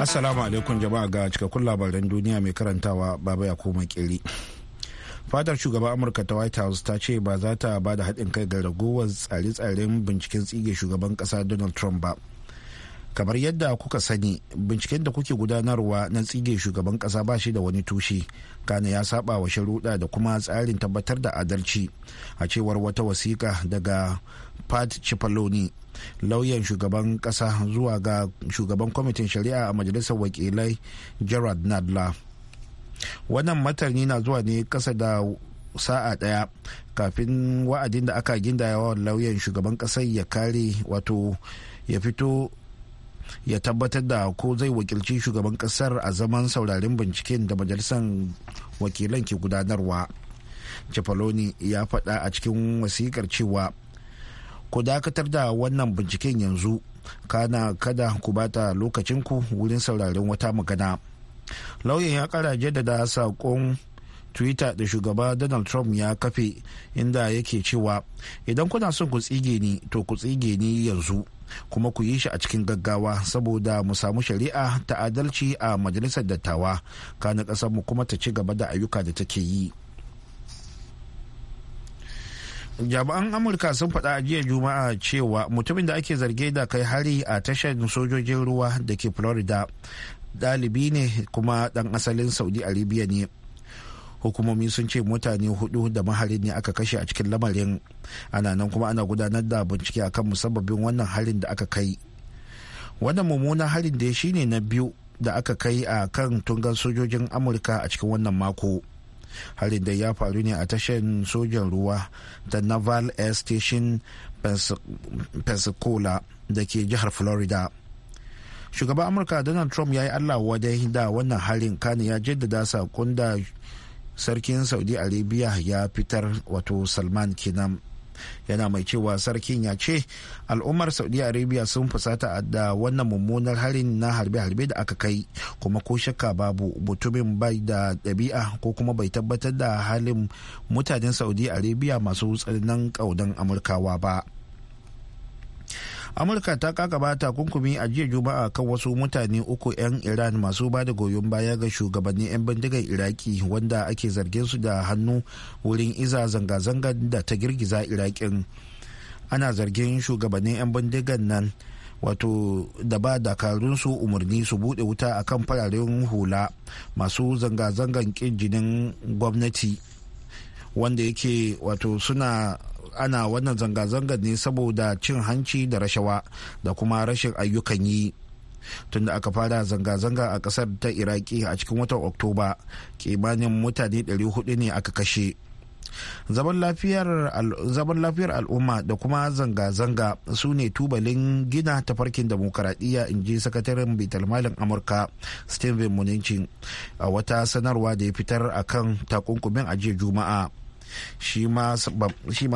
Assalamu alaikum jama'a ga cikakkun labaran duniya mai karantawa baba ya koma kiri. Fadar shugaban Amurka ta White House ta ce ba za ta ba da haɗin kai ga ragowar tsare-tsaren binciken tsige shugaban ƙasa Donald Trump ba. kamar yadda kuka sani binciken da kuke gudanarwa na tsige shugaban kasa ba shi da wani tushe kana ya saba wa sharuɗa da kuma tsarin tabbatar da adalci a cewar wata wasiƙa daga pat cipolloni lauyan shugaban kasa zuwa ga shugaban kwamitin shari'a a majalisar wakilai gerard nadler wannan matarni na zuwa ne kasa da sa'a daya kafin wa'adin da aka gindaya wa lauyan shugaban kasa ya kare wato ya fito ya tabbatar da ko zai wakilci shugaban kasar a zaman sauraren binciken da majalisar wakilan ke gudanarwa cefaloni ya faɗa a cikin wasikar cewa ku dakatar da wannan binciken yanzu kana kada ku bata lokacinku wurin sauraren wata magana lauyan ya kara jaddada saƙon twitter da shugaba donald trump ya kafe inda yake cewa idan kuna son ku tsige ni to ku tsige ni yanzu kuma ku yi shi a cikin gaggawa saboda mu samu shari'a ta adalci a majalisar dattawa kanin ƙasar mu kuma ta ci gaba da ayyuka da take yi jami'an amurka sun faɗa a jiya juma'a cewa mutumin da ake zarge da kai hari a tashar sojojin ruwa da ke florida dalibi ne kuma ɗan asalin saudi arabia ne hukumomi sun ce mutane hudu da maharin ne aka kashe a cikin lamarin ana nan kuma ana gudanar da bincike akan musabbabin wannan harin da aka kai wannan mummunan harin da shine na biyu da aka kai a kan tungan sojojin amurka a cikin wannan mako harin da ya faru ne a tashar sojan ruwa ta naval air station pensacola da ke jihar florida shugaban amurka donald trump ya yi allah wadai da wannan harin kane ya jaddada sakon da sarkin saudi arabia ya fitar wato salman kinam yana mai cewa sarkin ya ce al'ummar saudi arabia sun fusata da wannan mummunar harin na harbe-harbe da aka kai kuma ko shakka babu mutumin bai da ɗabi'a ko kuma bai tabbatar da halin mutanen saudi arabia masu tsananin ƙaudan amurkawa ba. amurka ta kakaba takunkumi a jiya juma'a kan wasu mutane uku 'yan iran masu ba da goyon baya ga shugabanni 'yan bindigar iraki wanda ake zargin su da hannu wurin iza zanga-zangar da ta girgiza irakin ana zargin shugabannin 'yan bindigar nan wato da ba dakarun su umarni su bude wuta akan fararen hula masu zanga-zangan kin gwamnati wanda yake wato suna ana wannan zanga-zangar ne saboda cin hanci da rashawa da kuma rashin ayyukan yi tunda aka fara zanga-zanga a kasar ta iraki a cikin watan oktoba kimanin mutane 400 ne aka kashe zaman lafiyar al'umma da kuma zanga-zanga su ne tubalin gina tafarkin demokaradiyya in ji sakataren bitalmalin amurka steven munichin a wata sanarwa da ya fitar a kan takunkumin ajiyar juma'a shi ma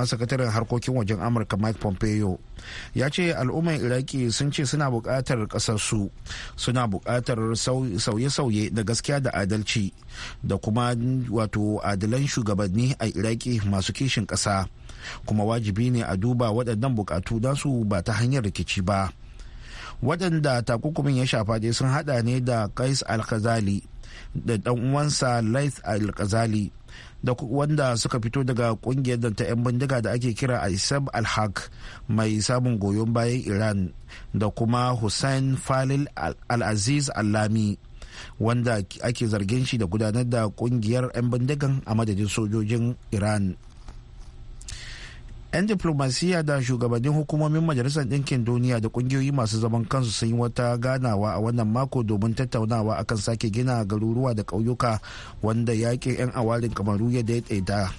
sakataren harkokin wajen amurka mike pompeo ya ce al'ummar iraki sun ce suna buƙatar ƙasarsu suna buƙatar sauye-sauye da gaskiya da adalci da kuma wato adalan shugabanni a iraki masu kishin ƙasa kuma wajibi ne a duba waɗannan buƙatu nasu ba ta hanyar rikici ba waɗanda takukumin ya shafa dai sun haɗa ne da kais alkazali da ɗan uwansa laith alkazali da wanda suka fito daga kungiyar da ta 'yan bindiga da ake kira isab alhaq mai samun goyon bayan iran da kuma hussein falil al'aziz aziz allami wanda ake zargin shi da gudanar da kungiyar 'yan bindigan a madadin sojojin iran 'yan diplomasiya da shugabannin hukumomin majalisar ɗinkin duniya da ƙungiyoyi masu zaman kansu sun yi wata ganawa a wannan mako domin tattaunawa akan sake gina garuruwa da ƙauyuka wanda yaƙi 'yan awarin kamaru ya daidaita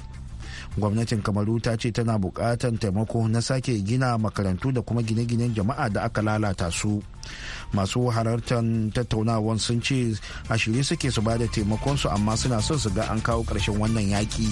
gwamnatin kamaru ta ce tana buƙatar taimako na sake gina makarantu da kuma gine-ginen jama'a da aka lalata su masu halartar tattaunawar sun ce a shirye suke su ba da taimakonsu amma suna son su ga an kawo ƙarshen wannan yaƙi.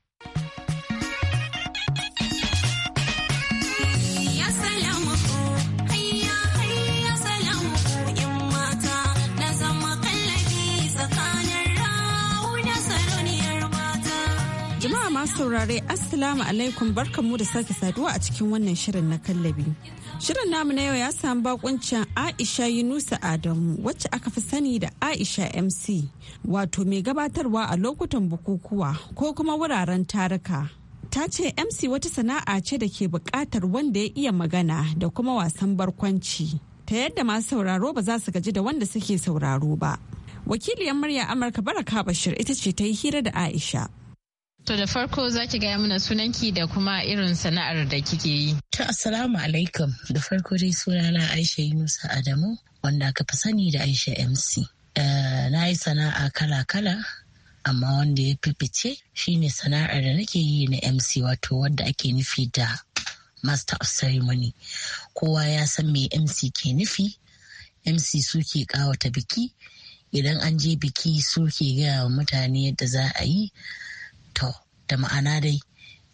saurare Assalamu alaikum barkanmu da sake saduwa a cikin wannan shirin na kallabi. Shirin namu na yau ya samu bakuncin Aisha Yunusa Adamu wacce aka fi sani da Aisha MC wato mai gabatarwa a lokutan bukukuwa ko kuma wuraren taruka. Ta ce MC wata sana'a ce da ke bukatar wanda ya iya magana da kuma wasan barkwanci ta yadda masu sauraro ba za su gaji da wanda suke sauraro ba. Wakiliyar murya Amurka Baraka Bashir ita ce ta yi hira da Aisha. To da farko za ki gaya mana sunanki da kuma irin sana'ar da kike yi. ta asalamu alaikum da farko dai sunana Aisha Yunusa Adamu wanda aka fi sani da Aisha MC. Eh, na yi sana'a kala-kala amma wanda ya fifice shine sana'ar da nake yi na MC wato wadda ake nufi da Master of Ceremony. Kowa ya san me MC ke nufi, MC suke kawata biki, idan an je biki suke gaya wa mutane yadda za a yi. to da ma'ana dai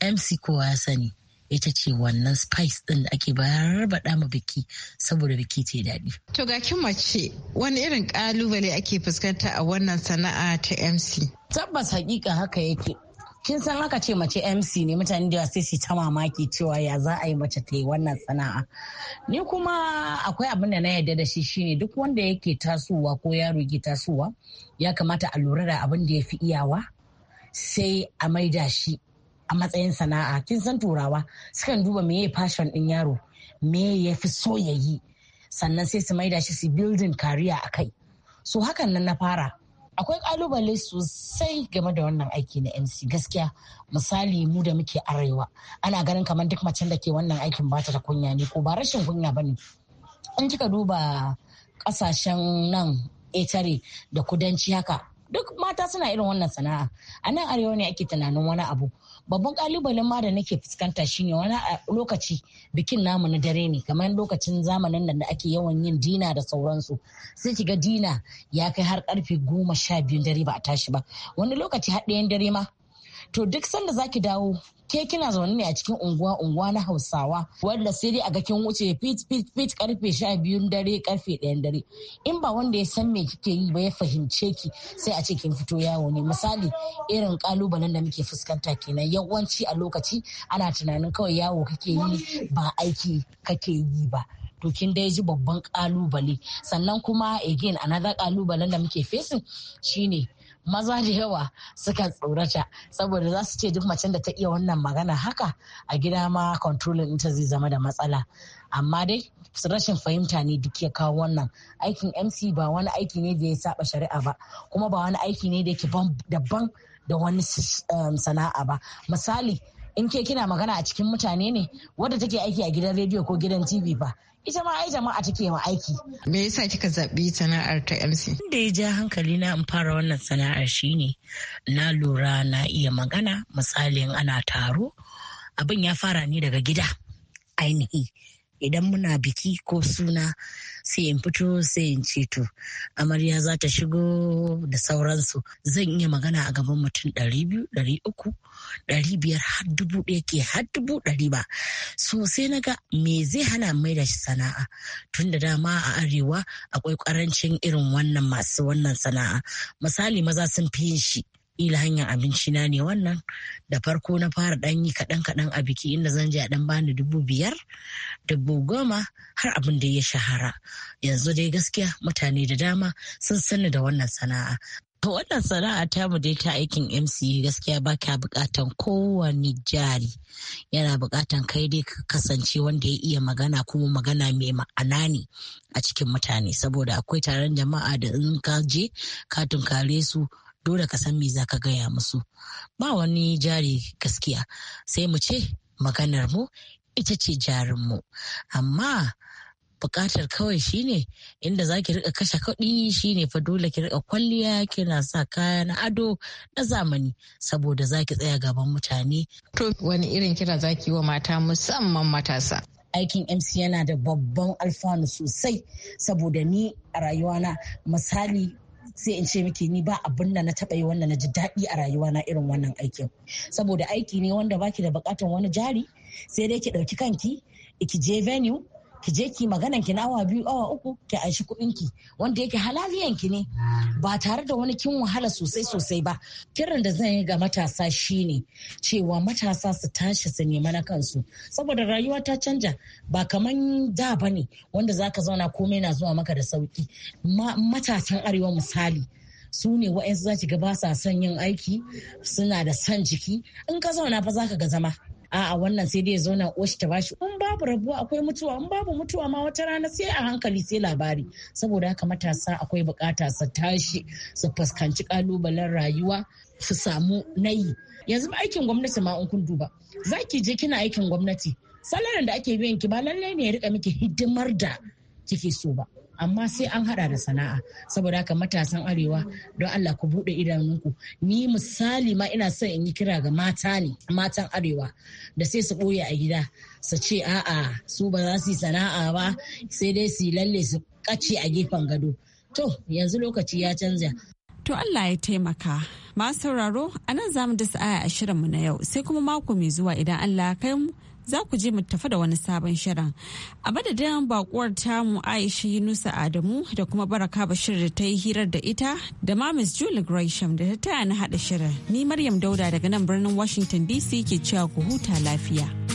mc kowa ya sani ita ce wannan spice din da ake bayar baɗa ma biki saboda biki ce daɗi. To ga kin mace wani irin ƙalubale ake fuskanta a wannan sana'a ta MC? Tabbas hakika haka yake. Kin san haka ce mace MC ne mutane da sai su ta mamaki cewa ya za a yi mace ta yi wannan sana'a. Ni kuma akwai abin da na yarda da shi shine duk wanda yake tasowa ko yaro ke tasowa ya kamata a lura da abin da ya fi iyawa. sai a maida shi a matsayin sana'a kin san turawa sukan duba me meye fashion din yaro me ya fi so ya yi sannan sai su maida shi su building kariya a kai so hakan nan na fara akwai kalubale sosai game da wannan aiki na mc gaskiya misali mu da muke arewa ana ganin kamar duk macen da ke wannan aikin bata ta da kunya ne ko ba rashin kunya bane in kika duba kasashen nan etare da kudanci haka duk mata suna irin wannan sana'a a nan arewa ne ake tunanin wani abu babban kalubalen ma da nake fuskanta shine wani lokaci bikin namu na dare ne kamar lokacin zamanin nan da ake yawan yin dina da sauransu sai kiga dina ya kai har karfe goma sha biyun dare ba a tashi ba wani lokaci har dare ma to duk sanda zaki dawo ke kina zaune ne a cikin unguwa unguwa na hausawa wanda sai dai a ga kin wuce fit fit fit karfe sha biyun dare karfe ɗayan dare in ba wanda ya san me kike yi ba ya fahimce ki sai a ce kin fito yawo ne misali irin kalubalen da muke fuskanta kenan yawanci a lokaci ana tunanin kawai yawo kake yi ba aiki kake yi ba to kin dai ji babban kalubale sannan kuma again another kalubalen da muke facing shine maza da yawa suka tsorata saboda za su ce duk macen da ta iya wannan magana haka a gida ma controlling ita zai zama da matsala amma dai rashin fahimta ne duk ya kawo wannan aikin mc ba wani aiki ne da ya saba shari'a ba kuma ba wani aiki ne da ke daban da wani um, sana'a ba misali in ke kina magana a cikin mutane ne wadda take aiki a gidan rediyo ko gidan tv ba ita ma ai jama'a take ma aiki. Me yasa kika zaɓi sana'ar ta MC? Da ya ja hankali na in fara wannan sana'ar shine na lura na iya magana misalin ana taro abin ya fara ni daga gida ainihi idan muna biki ko suna sai in fito sai in ceto amarya za ta shigo da sauransu zan iya magana a gaban mutum ɗari biyu ɗari uku ɗari biyar har dubu ɗaya ke har dubu ɗari ba so sai na ga me zai hana mai da shi sana'a tun da dama a arewa akwai ƙarancin irin wannan masu wannan sana'a misali maza sun fi yin shi ila hanyar abinci na ne wannan da farko na fara dan yi kaɗan kaɗan a biki inda zan je dan bani dubu biyar dubu goma har abin da ya shahara yanzu dai gaskiya mutane da dama sun sani da wannan sana'a To wannan sana'a ta mu dai ta aikin MC gaskiya ba ka bukatan kowane jari yana bukatan kai dai ka kasance wanda ya iya magana kuma magana mai ma'ana ne a cikin mutane saboda akwai taron jama'a da in ka je ka tunkare su dole ka san me zaka gaya musu ba wani jari gaskiya sai mu ce maganar mu ita ce mu amma bukatar kawai shine inda zaki ki rika kashe kuɗi shine fa dole ki rika kwalliya kina sa kaya na ado na zamani saboda zaki ki tsaya gaban mutane. To wani irin kira za ki wa mata musamman matasa. Aikin MC yana da babban alfanu sosai saboda ni a rayuwana misali sai in ce miki ni ba abin da na taɓa yi wanda na ji daɗi a rayuwa na irin wannan aikin saboda aiki ne wanda baki da bukatan wani jari sai dai ki ɗauki kanki ki je venue ki je ki maganan ki awa biyu awa uku ki aishi kuɗin ki wanda yake halaliyan ki ne ba tare da wani kin wahala sosai sosai ba kiran da zan yi ga matasa shine cewa matasa su tashi su nema na kansu saboda rayuwa ta canja ba kaman da bane wanda zaka zauna komai na zuwa maka da sauki matasan arewa misali su ne wa'yansu za ki ga ba sa son yin aiki suna da son jiki in ka zauna fa za ka ga zama a'a wannan sai dai zauna oshi ta bashi in babu rabuwa akwai mutuwa in babu mutuwa ma wata rana sai a hankali sai labari saboda haka matasa akwai bukata su tashi su fuskanci kalubalen rayuwa su samu nayi yanzu ba aikin gwamnati ma in kun duba Za zaki je kina aikin gwamnati salarin da ake biyan ki ba lallai ne ya rika miki hidimar da kike so ba amma sai an hada da sana'a saboda haka matasan arewa don Allah ku bude idanunku ni misali ma ina son in yi kira ga mata ne matan arewa da sai su boye a gida su ce a'a su ba za su yi sana'a ba sai dai su lalle su kace a gefen gado to yanzu lokaci ya canza. to Allah ya taimaka masu sauraro a nan za mu da sa'a a shirinmu na yau sai kuma mako mai zuwa idan Allah kai mu za ku je mu tafi da wani sabon shirin. A madadin bakuwar tamu Aisha Yunusa Adamu da kuma Baraka Bashir da ta yi hirar da ita da ma Miss Julie Gresham da ta taya na haɗa shirin. Ni Maryam Dauda daga nan birnin Washington DC ke cewa ku huta lafiya.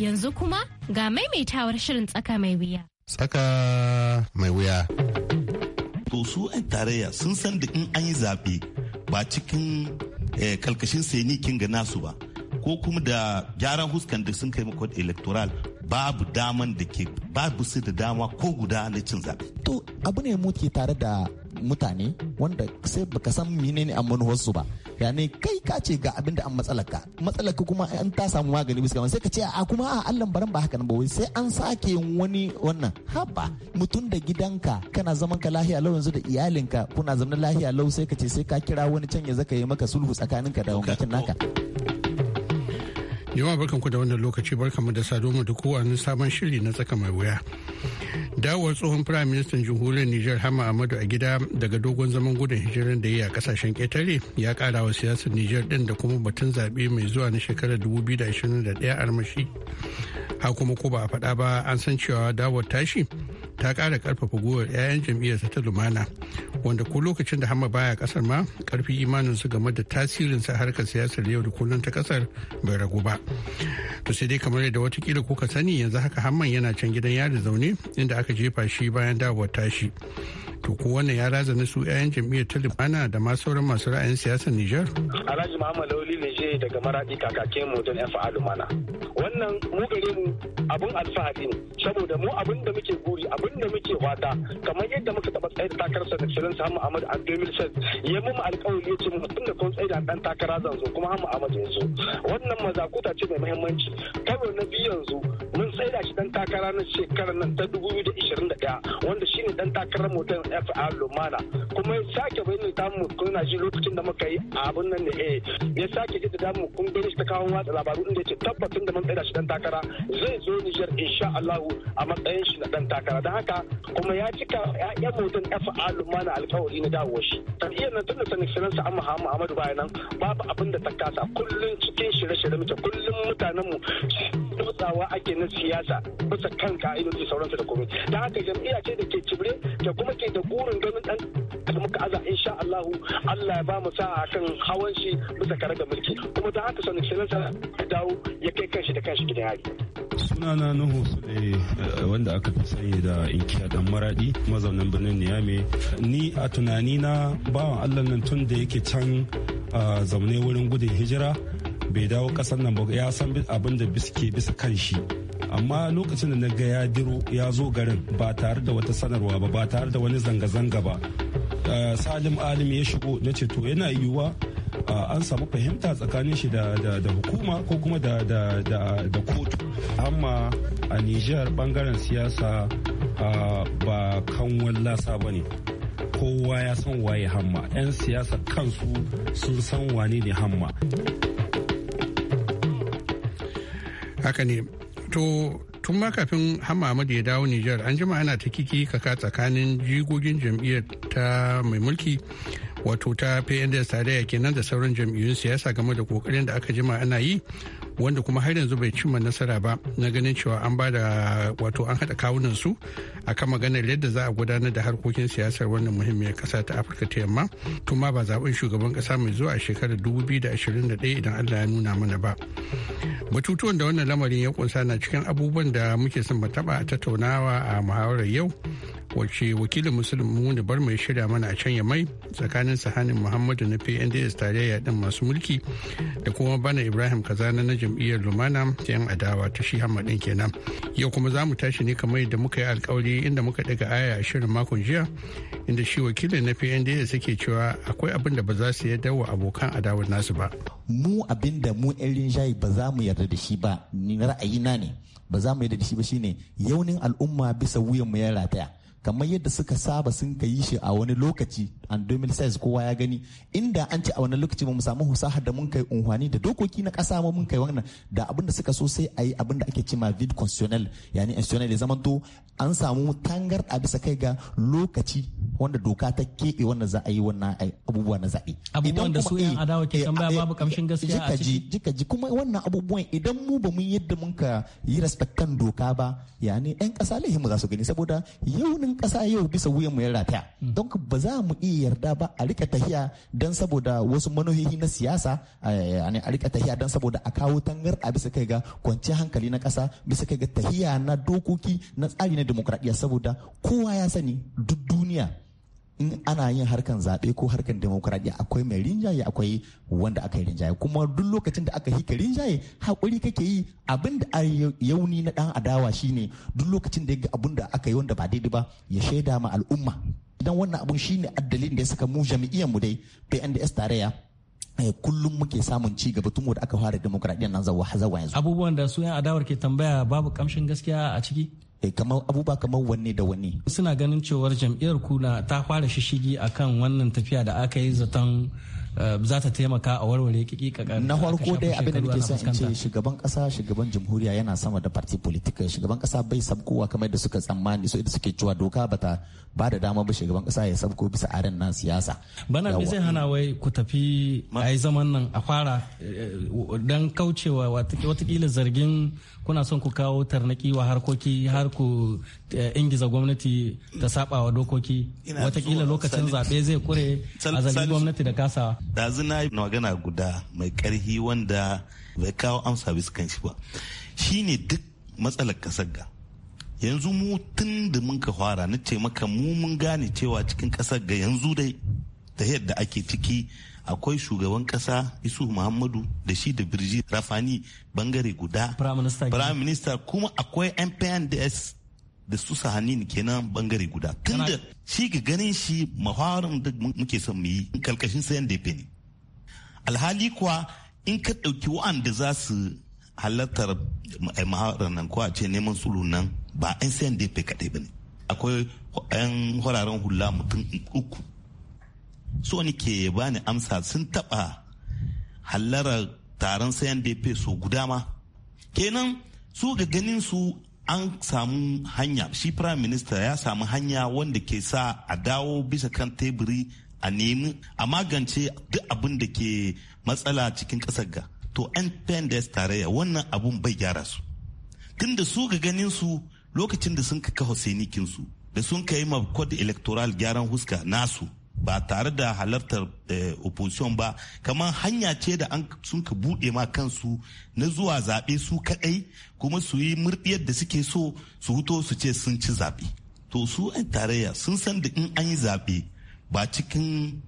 Yanzu kuma ga maimaitawar shirin tsaka mai wuya. Tsaka mai wuya. To su 'yan tarayya sun san da in an yi zaɓe ba cikin eh, kalkashin kin ga nasu ba ko kuma da gyaran huskan da sun kai makon electoral babu daman da ke babu su da dama ko guda na cin zaɓe. To abu ne mu ke tare da mutane wanda sai baka san menene a wasu ba yani kai ka ce ga abin da an matsalaka matsalaka kuma an ta samu magani bisa sai ka ce a kuma a allan baran ba haka nan ba wai sai an sake wani wannan haba mutum da gidanka kana zaman ka lahiya lau yanzu da iyalinka kuna zaman lahiya lau sai ka ce sai ka kira wani can ya zaka yi maka sulhu tsakaninka da wankakin naka. Yawa barkanku da wannan lokaci barkanmu da saduwa da kowane sabon shiri na tsaka mai wuya. Dawowar tsohon Firayim Ministan Jamhuriyar Nijar Hama Ahmadu a gida daga dogon zaman gudun hijiran da ya yi a kasashen ƙetare ya ƙara wa siyasar Nijar ɗin da kuma batun zaɓe mai zuwa na shekarar 2021 armashi. Ha kuma ko ba a faɗa ba an san cewa dawowar tashi ta kara karfafa gowar 'ya'yan jam'iyyarsa ta lumana wanda ko lokacin da hama baya kasar ma karfi imaninsu game da tasirin sa harkar siyasar yau da kullum ta kasar bai ragu ba to sai dai kamar yadda watakila kuka sani yanzu haka hamman yana can gidan yari zaune inda aka jefa shi bayan dawowar tashi to ko wannan ya razana su 'ya'yan jam'iyyar talibana da ma sauran masu ra'ayin siyasar nijar alhaji muhammad lauli ne daga maradi kakakin mu don yan fa'alu mana wannan mu gare mu abun alfahari ne saboda mu abun da muke guri abun da muke wata kamar yadda muka taba tsaye da takarar sa da shirin sa muhammad abdul ya mu alƙawari ya ce mu tun da kun tsayi da dan takara zan zo kuma hamu amadu yanzu wannan mazakuta ce mai muhimmanci karo na biyu yanzu mun tsaida shi dan takara na shekarar nan ta 2021 wanda shi ne dan takarar motar FA Lumana kuma ya sake bayyana ta mu kuna ji lokacin da muka yi abun nan ne eh ya sake ji da mu kun gani shi ta kawo watsa labaru inda yace tabbatun da mun tsaida shi dan takara zai zo Niger insha Allah a matsayin shi na dan takara dan haka kuma ya cika ya motar FA Lumana alkawari na dawo shi iya nan tunda sanin sa amma Muhammadu bayanan babu abin da ta kasa kullun cikin shirye-shirye muke kullun mutanenmu dotsawa ake na siyasa bisa kan ka'idoji sauransu da komai da haka jam'iyya ce da ke cibre da kuma ke da burin ganin dan da muka aza insha Allah Allah ya ba mu sa'a kan hawan shi bisa kare da mulki kuma da haka sanin sanin ya dawo ya kai kanshi da kanshi gidan hali sunana Nuhu da eh, wanda aka fi sani da inkiya dan maradi mazaunin birnin niyame ni a tunani na bawan Allah nan tun da yake can zaune wurin gudun hijira bai dawo kasar nan ba ya san abin da biske bisa kan shi amma lokacin da na ga ya diro ya zo garin ba tare da wata sanarwa ba ba tare da wani zanga-zanga ba salim alim ya shigo na ce to yana yiwuwa an samu fahimta tsakanin shi da hukuma ko kuma da kotu amma a Niger bangaren siyasa ba kan ba ne kowa ya san waye hamma 'yan siyasa kansu sun san wane ne hamma haka ne To tun ma kafin da ya dawo Nijar an jima ana ta kiki kaka tsakanin jigogin jam'iyyar ta mai mulki wato ta PNDS tarayya kenan da sauran jam'iyyun siyasa game da kokarin da aka jima ana yi wanda kuma har yanzu bai cimma nasara ba na ganin cewa an ba da wato an haɗa kawunan su akan maganar yadda za a gudanar da harkokin siyasar wannan muhimmiyar ƙasa ta afirka ta yamma kuma ba zaɓen shugaban ƙasa mai zuwa a shekarar 2021 idan allah ya nuna mana ba batutuwan da wannan lamarin ya kunsa na cikin abubuwan da muke son mu taɓa tattaunawa a muhawarar yau wacce wakilin musulun muni bar mai shirya mana a can ya mai tsakanin sahanin muhammadu na pnds tarayya din masu mulki da kuma bana ibrahim kazana na jam'iyyar lumana ta yan adawa ta shi hamadin kenan yau kuma za mu tashi ne kamar da muka yi alkawari inda muka daga aya a shirin makon jiya inda shi wakilin na pnds suke cewa akwai abin da ba za su yarda wa abokan adawar nasu ba mu abin da mu yan rinjaye ba za mu yarda da shi ba ni ra'ayina ne ba za mu yarda da shi ba shine yaunin al'umma bisa wuyan mu ya rataya kamar yadda suka saba sun ka yi shi a wani lokaci an 2006 kowa ya gani inda an ce a wani lokaci ba mu samu husahar da mun kai unhwani da dokoki na kasa mun kai wannan da abin da suka so sai a yi abin da ake cima vid constitutional yani constitutional ya to an samu tangar a bisa kai ga lokaci wanda doka ta keɓe wanda za a yi wannan abubuwa na zaɓe. Abubuwan da su a eh, adawa ke kan eh, baya eh, babu kamshin gaskiya a ciki. Jika ji kuma wannan abubuwan idan mu ba mun yadda mun ka yi respectan doka ba yani 'yan ƙasa lahimu za su gani saboda yau 'yan ƙasa yau bisa wuyan mu ya rataya hmm. don ba za mu iya yarda ba a rika tahiya don saboda wasu manohihi na siyasa eh, eh, a rika tahiya don saboda a kawo tangar a bisa kai ga kwanciyar hankali na ƙasa bisa kai ga tahiya na dokoki na tsari na demokradiyya saboda kowa ya sani duk duniya in ana yin harkan zaɓe ko harkan demokuraɗiyya akwai mai rinjaye akwai wanda aka yi rinjaye kuma duk lokacin da aka hika rinjaye haƙuri kake yi abin da yauni na ɗan adawa shine duk lokacin da ya ga abin da aka yi wanda ba daidai ba ya shaida ma al'umma idan wannan abun shine addalin da ya saka mu mu dai PNDS tarayya eh, kullum muke samun ci gaba tun da aka fara demokradiyyar nan zawa yanzu abubuwan da su yan adawar ke tambaya babu kamshin gaskiya a ciki Eh, kamar abubuwa kamar wanne da wanne. Suna ganin cewar jam'iyyar kuna ta fara shishigi akan wannan tafiya da aka yi zaton eh, za ta taimaka a warware kikikaka na farko dai abin da nake son in ce shugaban kasa shugaban jamhuriya yana sama da party politika shugaban kasa bai sabkowa kamar da suka tsammani so da suke cewa doka bata ba da dama ba shugaban kasa ya sabko bisa aren nan siyasa bana bi zai hana wai ku tafi ai zaman nan a fara eh, dan kaucewa watakila zargin kuna son ku kawo tarnaki wa harkoki har ku eh, ingiza gwamnati ta saba wa dokoki watakila lokacin zaɓe zai kure a zargin gwamnati da kasa. Dazu na magana guda mai karhi wanda bai kawo amsa bisa kan shi ba. Shi ne duk matsalar kasar ga. Yanzu mu tun da mun ka fara na ce maka mu mun gane cewa cikin kasar ga yanzu dai ta yadda ake ciki akwai shugaban kasa isu muhammadu da shi da birji rafani bangare guda prime minister kuma akwai mpns da su sahanin kenan bangare guda tunda shi ga ganin shi maharin da muke son mu yi kalkashin sayan da ne alhali kuwa in ka ɗauki wa'anda za su halartar maharin nan kuwa ce neman sulhu nan ba 'yan sayan da kaɗai ba ne akwai 'yan hularen hula mutum uku so ke bani amsa sun taba hallara taron sayan da su guda ma kenan su ga ganin su an samu hanya shi prime minister ya samu hanya wanda ke sa a dawo bisa kan teburi a nemi a magance duk abin da ke matsala cikin kasar ga to 'yan pendes tarayya wannan abun bai gyara su da su ga ganin su lokacin da sun kafa senikin su da sun kai ma code electoral gyaran huska nasu ba tare da halartar eh, opposition ba kamar hanya ce da an sun ka buɗe ma kansu na zuwa zaɓe su kaɗai kuma su yi murɗiyar da suke so su huto su ce sun ci zaɓe to su 'yan tarayya sun san da in an yi zaɓe ba cikin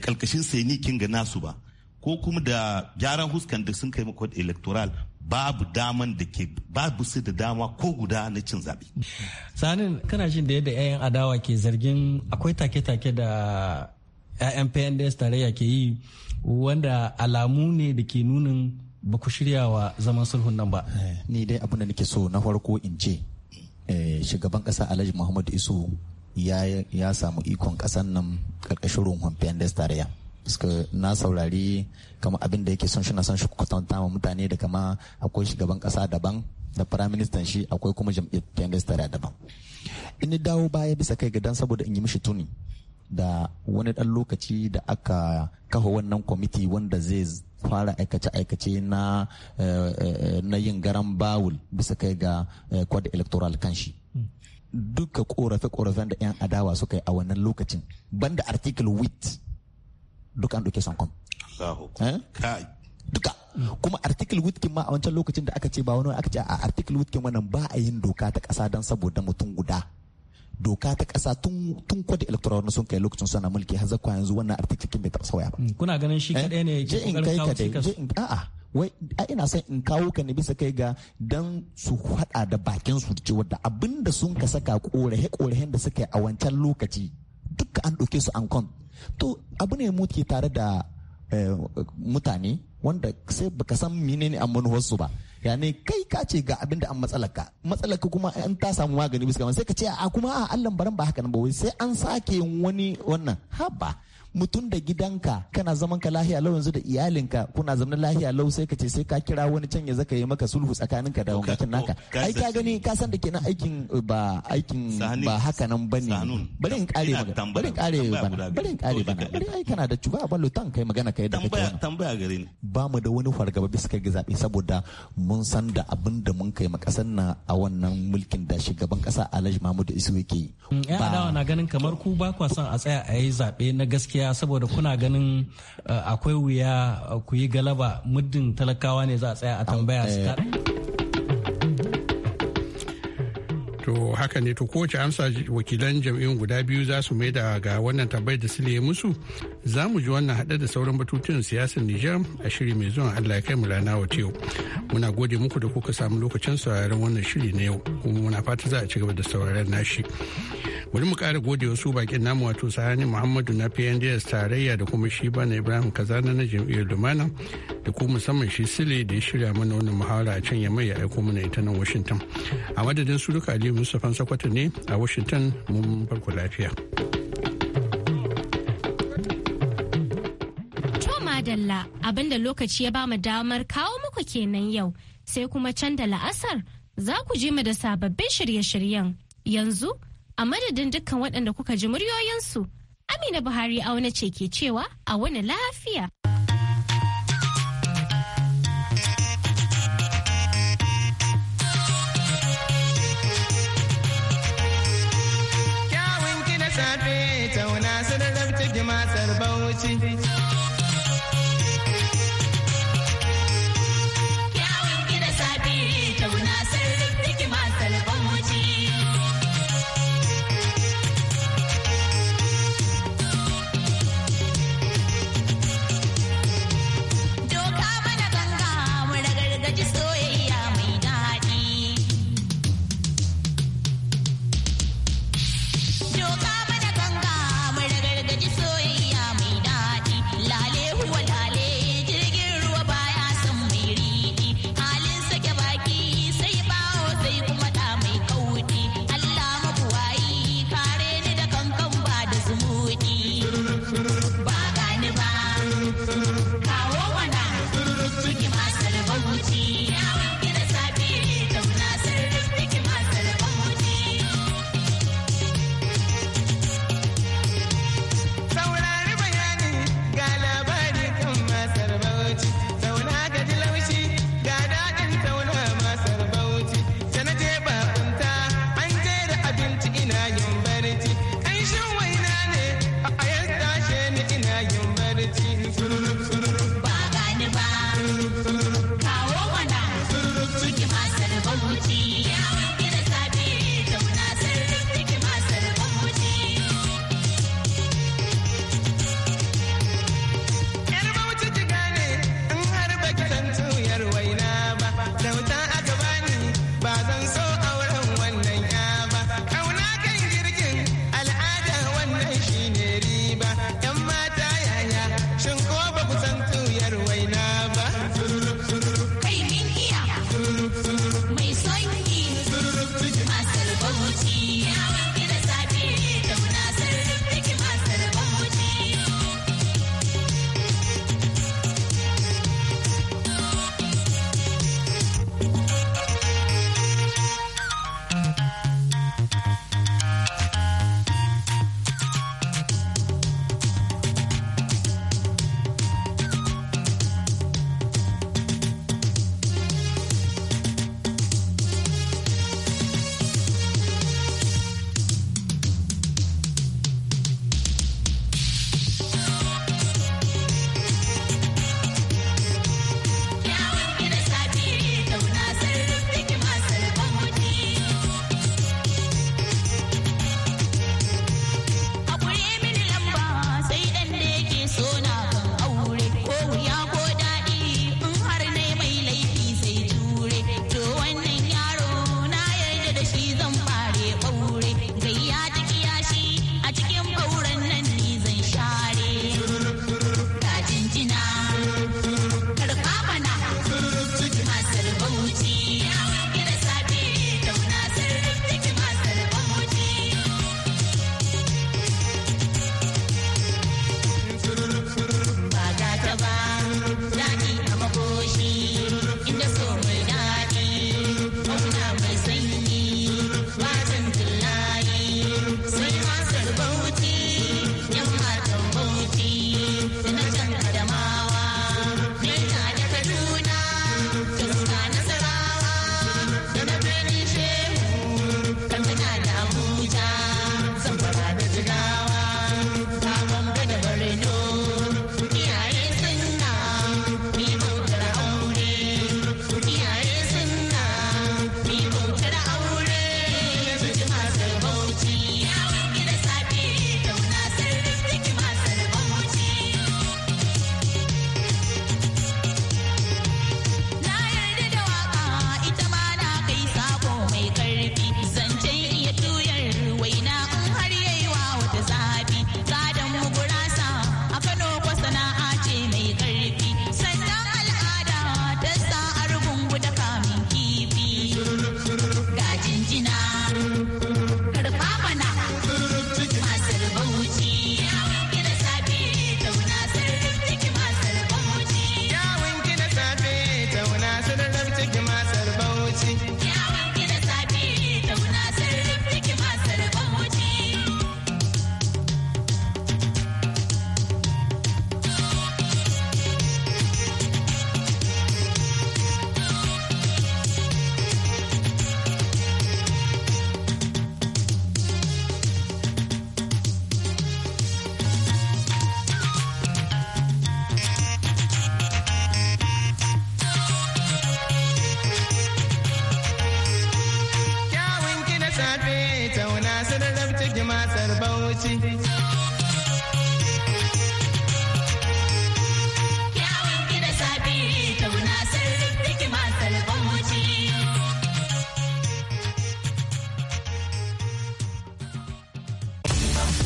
kalkashin eh, sayanikin ga nasu ba ko kuma da gyaran huskan da sun kai makon electoral babu daman da ke babu su da dama ko guda na cin zaɓe. sanin kana jin da yadda 'ya'yan adawa ke zargin akwai take-take da 'ya'yan pnds tarayya ke yi wanda alamu ne da ke nunin ba ku shirya wa zaman sulhun nan ba eh, ni dai abin da nake so na farko in ce eh, shugaban ƙasa alhaji muhammadu isu ya samu ikon ƙasan nan ƙarƙashin ruhun pnds tarayya suka na saurari kama abin da yake son shi na son shi kwatanta ma mutane da kama akwai shugaban kasa daban da firaministan shi akwai kuma jam'iyyar PNDS tare daban in dawo baya bisa kai ga dan saboda in yi mishi tuni da wani dan lokaci da aka kafa wannan kwamiti wanda zai fara aikace-aikace na eh, eh, na yin garan bawul bisa kai ga kwad eh, electoral kanshi hmm. duka korafe-korafen da 'yan adawa suka yi a wannan lokacin banda article 8 duka an ɗauke kom. Eh? Duka. Kuma article witkin ma a wancan lokacin da aka ce ba wani aka ce a article witkin wannan ba a yin doka ta ƙasa don saboda mutum guda. doka ta ƙasa tun kwada electoral sun kai lokacin suna mulki har zakwa yanzu wannan article kin bai taɓa sauya ba. Hmm, kuna ganin shi eh? kaɗai ne ke ƙoƙarin kawo cikas. A'a wai ina son in kawo ka ne bisa kai ga dan su hada da bakin su cewa da abin da sun ka saka korehe-korehen da suka yi a wancan lokaci duka an ɗauke su an kon to abu ne muke tare da eh, mutane wanda sai baka san menene an manuwarsu ba ne kai ka ce ga abin da an matsalaka matsalaka kuma an ta samu magani bisa sai ka ce a kuma a allan baran ba haka nan ba sai an sake wani wannan haba mutum da gidanka kana zaman ka lahiya lau yanzu da iyalinka kuna zaman lahiya lau sai ka ce sai ka kira wani can ya zaka yi maka sulhu tsakaninka da wangakin naka ai ka gani ka san da kenan aikin ba aikin ba haka nan bane bari in kare maka bari in kare bana bari in kare bana bari ai kana da cuba ballo tan kai magana kai da kake tambaya gare ni ba mu da wani fargaba bisa kai zabe saboda mun san da abin da mun kai makasan na a wannan mulkin da shugaban kasa Alhaji Mahmud Isu yake yi mm, da na ganin kamar ku ba kwa son a tsaya a yi zabe na gaskiya tsaya saboda kuna ganin eh, akwai wuya eh, ku yi galaba muddin talakawa ne za a tsaya a tambaya su To haka ne to kowace amsa wakilan jam'iyyun guda biyu za su da ga wannan tambayar da sile musu za mu ji wannan haɗe da sauran batutun siyasar Nijar a shiri mai zuwan Allah ya kai mu rana wa yau. Muna gode muku da kuka samu lokacin sauraron wannan shiri na yau kuma muna fata za a ci gaba da sauraron nashi. bari mu kara gode su bakin namu wato sahani muhammadu na pnds tarayya da kuma shi bana ibrahim kazana na jam'iyyar lumana da kuma musamman shi sile da ya shirya mana wannan muhawara a can yamai ya aiko mana ita nan washington a madadin su duka aliyu mustapha sakwato ne a washington mun farko lafiya madalla abinda lokaci ya bamu damar kawo muku kenan yau sai kuma can da la'asar za ku je mu da sababbin shirye-shiryen yanzu a madadin dukkan waɗanda kuka ji muryoyinsu amina buhari auna ce ke cewa a wani lafiya. عنك